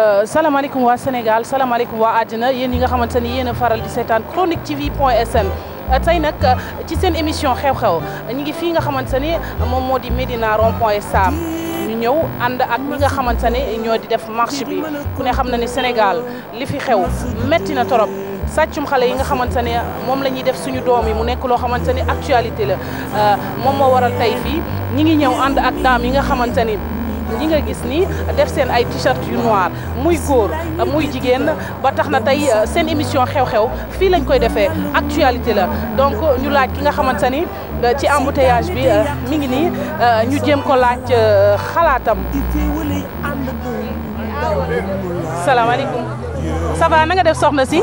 Euh, salaamaaleykum waa Sénégal salaamaaleykum waa àddina yéen yi nga xamante ni yéen a faral di seetaan chronique tv point sn euh, tey nag euh, ci seen émission xew-xew ñu ngi fii nga xamante ni moom moo di Médina rond point Sam ñu ñëw ànd ak ñi nga xamante ne ñoo di def marche bi ku ne xam na ni Sénégal li fi xew metti na torop sàccum xale yi nga xamante ne moom la ñuy def suñu doom yi mu nekk loo xamante ni actualité la moom moo waral tey fii ñi ngi ñëw ànd ak daam yi nga xamante ni ñi nga gis ni def seen ay t-shirt yu noir muy góor muy jigéen ba tax na tey euh, seen émission xew-xew fii lañ koy defee actualité la donc ñu laaj ki nga xamante ni euh, ci embouteillage bi euh, mi ngi nii ñu jéem ko laaj xalaatam. salaamaaleykum ça va na nga def soxna si.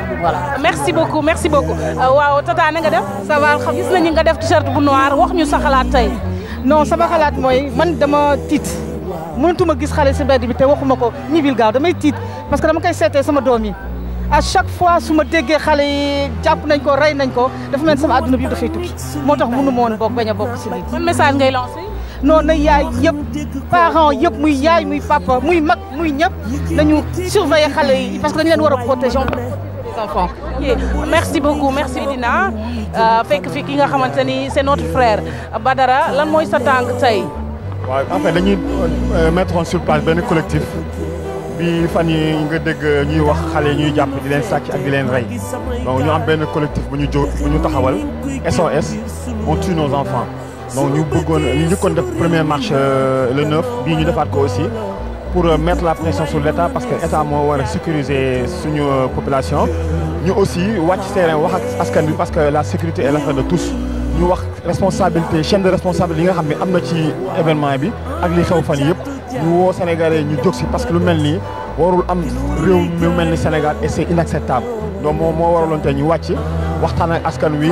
merci beaucoup merci beaucoup euh, waaw tata na nga ça va xam gis nañu nga def t-shirt bu noir wax ñu sa xalaat non xalaat man dama gis bi waxuma ko parce que dama koy sama doom yi à chaque fois su ma yi nañ ko nañ ko dafa sama bi a bokk message ngay lancé. non na yaay yëpp parents yëpp muy yaay muy papa muy mag muy ñëpp nañu surveiller parce que leen les merci beaucoup merci Medina euh, fekk fi ki nga xamante ni c'est notre frère Badara lan mooy sa tànk tey. waaw en fait dañuy euh, mettre en sur ben collectif bi fan yi nga dégg ñuy wax xale yi ñuy jàpp di leen sàcc ak di leen rey donc ñu am ben collectif bu ñu jó bu ñu taxawal SOS on tue nos enfants donc ñu bëggoon ñu njëkkoon def première marche euh, le 9 bii ñu defaat ko aussi pour euh, mettre la pression sur l'État parce que l'État doit sécuriser suñu euh, population Nous aussi nous terrain wax ak askan parce que la sécurité est l'affaire de tous ñu wax responsabilité chaîne de responsabilité nous nga xam ne am ci événement bi ak li Sénégalais ñu parce que lu mel nii warul am réew Sénégal et c'est inacceptable donc nous moo waraloon tey ñu nous waxtaan askan wi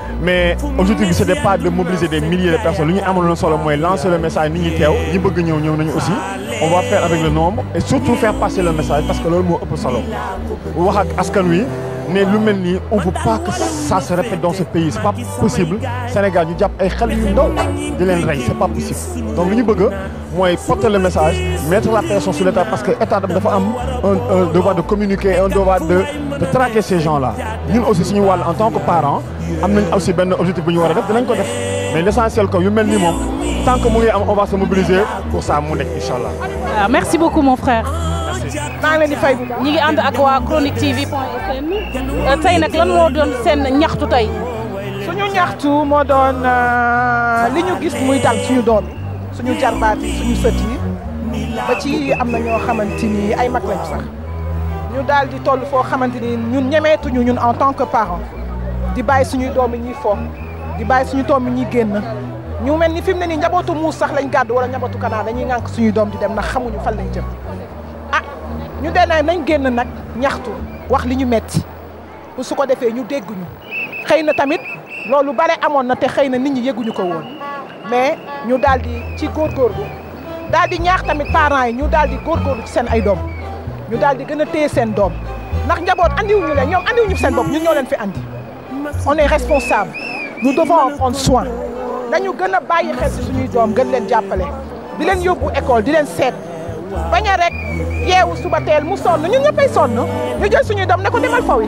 mais l'objectif c'est pas de mobiliser des milliers de personnes Nous avons lancer le message nous Ni aussi on va faire avec le nombre et surtout faire passer le message parce que nous mot ëpp solo salon mais lu on ne veut pas que ça se répète dans ce pays c'est pas possible Sénégal ñu jàpp ay xale yu ndaw di leen rey c'est pas possible donc nous ñu bëgg mooy porter le message mettre la pression sur l'état parce que état dafa am un devoir de communiquer un devoir de traquer ces gens là Nous, aussi en tant que parents, nous avons aussi un objectif bu ñu war mais l'essentiel que yu tant que mu on va se mobiliser pour ça ah, merci beaucoup mon frère maa ngi leen di fay bu baax. ñi ngi ànd ak waa Chronique TV point sn euh, tey nag lan moo doon seen ñaxtu tey. suñu ñaxtu moo doon euh, li ñu gis muy dal suñu doom suñu jarbaati suñu sët yi ba ci am na ñoo xamante ni ay mag lañ sax ñu daal di toll foo xamante ni ñun ñemeetuñu ñun en tant que parent di bàyyi suñu doom ñi fo di bàyyi suñu doom ñi ñuy génn. ñu mel ni fi mu ne nii njabootu muus sax lañ gàddu wala njabootu kanaan dañuy ŋànk suñu doom di dem ndax xamuñu fan lañ jëm ñu en nous Nous devons ñaxtu wax li ñu metti bu nous ñu nous devons tamit na nit ñi ko woon mais ñu daal di Nous ñaax tamit parents yi ñu daal Nous góorgóorlu ci seen ay doom ñu daal di gën Nous téye seen doom ndax Nous allons leen ñoom andiwuñu Nous bopp ñun ñoo leen fi andi on est responsable nous devons en prendre soin nous devons a xel ci suñuy doom gën leen di leen baña rek yewu suba teel mu sonn ñun ñëppay sonn ñu jël suñuy dom ne ko demal fawi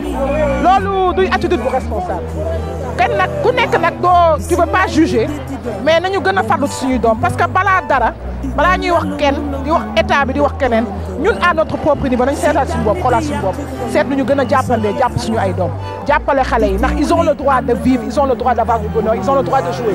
loolu duy attitude bu responsable kenn nag ku nekk nag doo tu veux pas juger mais nañu gën a farlu ci suñuy doom parce que balaa dara balaa ñuy wax kenn di wax état bi di wax keneen ñun à notre propre niveau nañ seetaat suñu bopp xoolaat suñu bopp seet lu ñu gën a jàppandee jàpp suñu ay doom jàppale xale yi ndax ils ont le droit de vivre ils ont le droit d'avoir du bonheur ils ont le droit de jouer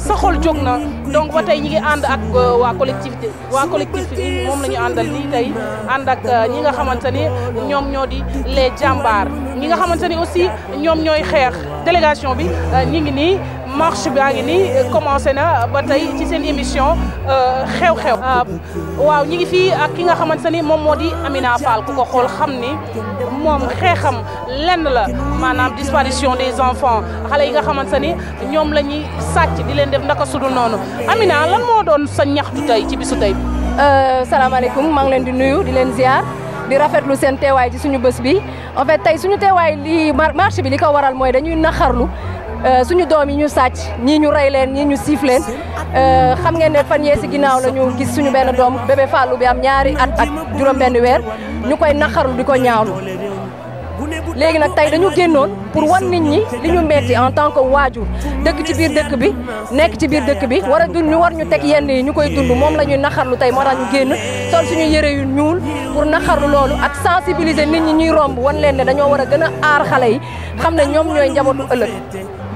sa xol jóg na donc ba tey ñi ngi ànd ak euh, waa collectivité waa collectif bi moom la ñu àndal di tey ànd ak euh, ñi nga xamante ni ñoom ñoo di les jàmbaar ñi nga xamante ni aussi ñoom ñooy xeex délégation bi euh, ñi ngi nii marche baa ngi nii commencé na ba tey ci sen émission euh xew-xew. Euh, waaw ñi ngi fi ak ki nga xamanteni mom modi Amina Fall ku ko xool xam ni moom lenn la manam disparition des enfants xalé yi nga xamanteni ñom lañuy sacc di leen def ndaka sudul nonu Amina lan mo doon sa ñaxtu tay ci bisu tey bi. Euh, salaamaaleykum ma ngi leen di nuyu di leen ziar. di rafetlu sen teewaay ci suñu bëss bi en fait tey suñu teewaay li marché bi li ko waral moy dañuy naxarlu Euh, suñu doom yi ñu sàcc ñii ñu rey leen ñii ñu siif leen euh, xam ngeen ne fan yee si ginnaaw la ñu gis suñu benn doom bébé Fallou bi am ñaari at ak juróom benn weer ñu koy naqarlu di ko ñaawlu léegi nag tey dañu génnoon pour wan nit ñi li ñu metti en tant que waajur dëkk ci biir dëkk bi nekk ci biir dëkk bi war a dund ñu war ñu teg yenn yi ñu koy dund moom la ñuy naqarlu tey moo tax ñu génn sol suñu yëre yu ñuul pour naqarlu loolu ak sensibiliser nit ñi ñuy romb wan dañoo war a gën a aar xale yi xam ne ñoom ñooy njabootu ëllëg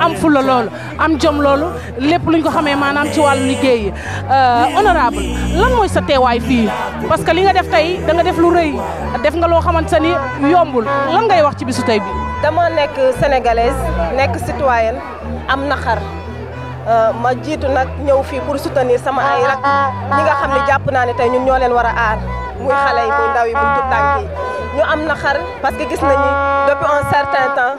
am fula lool am jom lool lepp luñ ko xamé manam ci wàllu liggéey euh, honorable lan moy sa téway fi parce que li nga def tay da nga def lu reuy def nga lo xamanteni yombul lan ngay wax ci bisu tay bi dama nek sénégalaise nek citoyenne am naxar euh, ma jitu nak ñew fi pour soutenir sama ay rak ñi nga xamné japp na naa tay ñun ñoo leen wara aar muy xalé yi muy ndaw yi muy tutanki ñu am naxar parce que gis nañu depuis un certain temps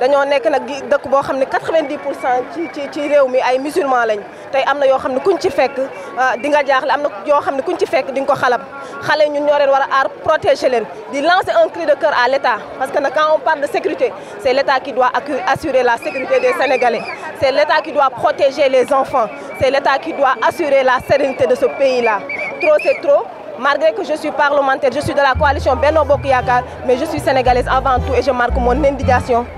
Nous avons 90 protéger lancer un cri de cœur à l'État parce que quand on parle de sécurité c'est l'État qui doit assurer la sécurité des Sénégalais c'est l'État qui doit protéger les enfants c'est l'État qui doit assurer la sérénité de ce pays-là trop c'est trop malgré que je suis parlementaire, je suis de la coalition Benno mais je suis sénégalaise avant tout et je marque mon indignation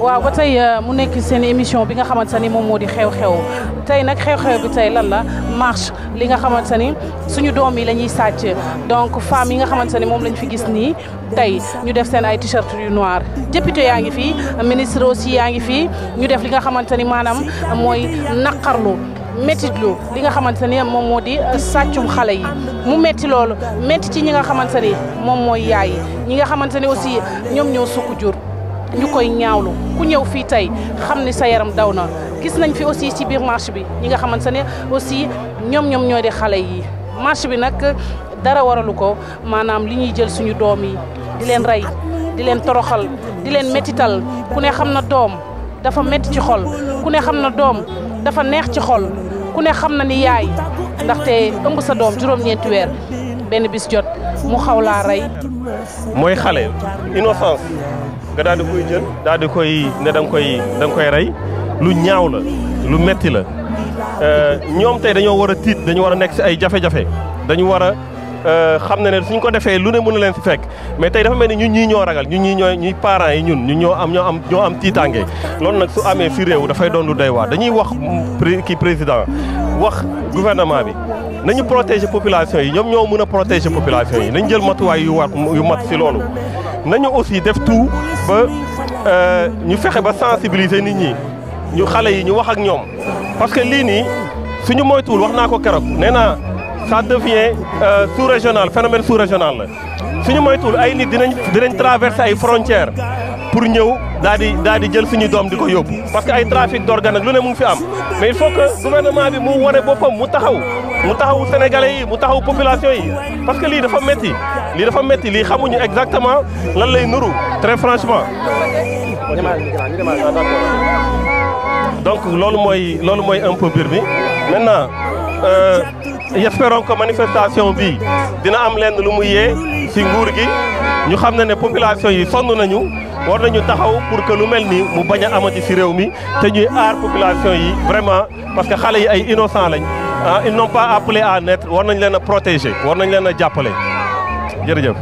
waaw ba tey euh, mu nekk seen émission bi nga xamante ni moom moo di xew-xew tey nag xew-xew bi tey lan la marche li nga xamante ni suñu doom yi la ñuy sàcc donc femmes yi nga xamante ni moom lañ fi gis nii tey ñu def seen ay t-shirt yu noir député yaa ngi fi ministre aussi yaa ngi fi ñu def li nga xamante ni maanaam mooy naqarlu méttitlu li nga xamante ni moom moo di euh, sàccum xale yi métti loolu métti ci ñi nga xamante ni moom mooy yaay yi ñi nga xamante ni aussi ñoom ñoo sukk jur ñu koy ñaawlu ku ñëw fii tey xam ni sa yaram daw na gis nañ fi aussi ci biir marche bi ñi nga xamante ne aussi ñoom ñoom ñoo di xale yi marche bi nag dara waralu ko maanaam li ñuy jël suñu doom yi di leen rey di leen toroxal di leen métital ku ne xam na doom dafa métti ci xol ku ne xam na doom dafa neex ci xol ku ne xam na ni yaay ndaxte ëmb sa doom juróom-ñeenti weer benn bis jot mu xaw laa rey. mooy xale innocence nga daal di koy jël daal di koy ne da nga koy da koy rey lu ñaaw la lu metti la euh, ñoom tey dañoo war a tiit dañu war a nekk si ay jafe-jafe dañu war a euh, xam ne ne suñ ko defee lu ne mun na leen si fekk mais tey dafa mel ni ñu ñii ñoo ragal ñu ñii ñooy ñuy parents yi ñun ñun ñoo am ñoo am ñoo am tiitaange loolu nag su amee fi réew dafay doon lu doy waar dañuy wax kii président wax gouvernement bi nañu protéger population yi ñoom ñoo mun a protéger population yi nañ jël matuwaay yu war yu mat si loolu nañu aussi def tout ba euh, ñu fexé ba sensibiliser nit ñi ñu xalé yi ñu wax ak ñom parce que li ni suñu moytuul wax naa ko keroog nee ça devient euh, sous régional phénomène sous régional la suñu moytuul ay nit dinañ dinañ traverser ay frontières pour ñëw daal di daal di jël suñu dom di ko yóbbu parce que ay trafic d'organes lu ne mu ngi fi am mais il faut que gouvernement bi mu wane bopam mu taxaw mu taxaw sénégalais yi mu taxaw population yi parce que li dafa metti il dafa métti exactement xamuñu très franchement. donc c'est un peu maintenant j'espère euh, que manifestation bi dina am lenn population yi Nous pour que nous nous population vraiment parce que les yi sont innocents. Ah, ils n'ont pas appelé à naître ils nañ les protéger war jërëjëf.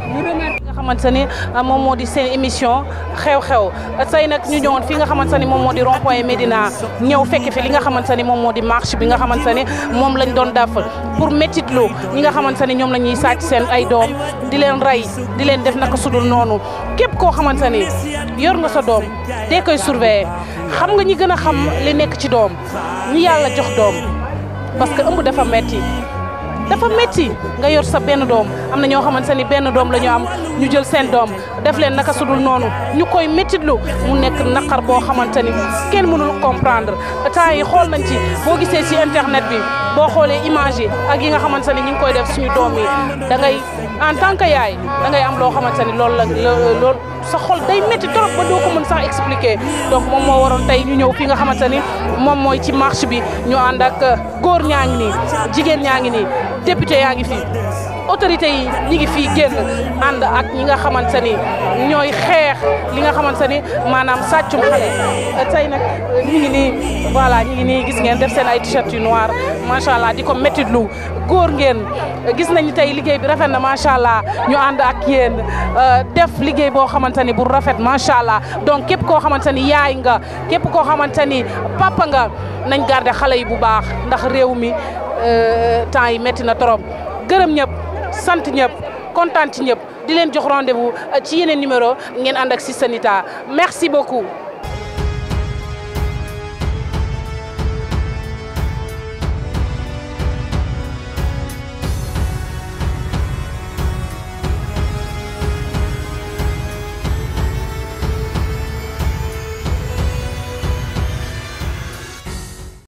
nga xamante ni euh, moom moo di seen émission xew-xew tey nag ñu ñëwoon fii nga xamante ni moom moo di rond point Médina ñëw fekk fi li nga xamante ni moom moo di marche bi nga xamante ni moom lañ doon def pour métitlu ñi nga xamante ni ñoom la ñuy sàcc seen ay doom di leen rey di leen def naka sudul noonu képp koo xamante ni yor nga sa doom dee koy surveiller xam nga ñi gën a xam li nekk ci doom ñi yàlla jox doom parce que ëmb dafa metti dafa métti nga yor sa benn doom am na ñoo xamante ne benn doom la ñu am ñu jël seen doom def leen naka sudul noonu ñu koy méttitlu mu nekk naqar boo xamante ni kenn mënul comprendre temps yi xool nañ ci boo gisee ci internet bi boo xoolee image yi ak yi nga xamante ne ñu koy def suñu doom yi da ngay en tant que yaay da ngay am loo xamante ni loolu la loolu sa xol day métti trop ba doo sax expliquer donc moom moo waroon tey ñu ñëw fi nga xamante ni moom mooy ci marche bi ñu ànd ak góor ñaa ngi nii jigéen ñaa ngi nii député yaa ngi fi autorité yi ñi ngi fii génn ànd ak ñi nga xamante ni ñooy xeex li nga xamante ni maanaam sàccum xale tey nag ñi ngi nii voilà ñi ngi nii gis ngeen def seen ay t-shirt yu noir macha allah di ko méttit lu góor ngeen gis nañu tey liggéey bi rafet na macha allah ñoo ànd ak yéen euh, def liggéey boo xamante ni bu rafet macha allah donc képp koo xamante ni yaay nga képp koo xamante ni papa nga nañ garder xale yi bu baax ndax réew mi Euh, temps yi métti na torom gërëm ñep sant ñep kontaan ñep di leen jox rendez-vous euh, ci yeneen numéro ngeen and ak Systène Ita merci beaucoup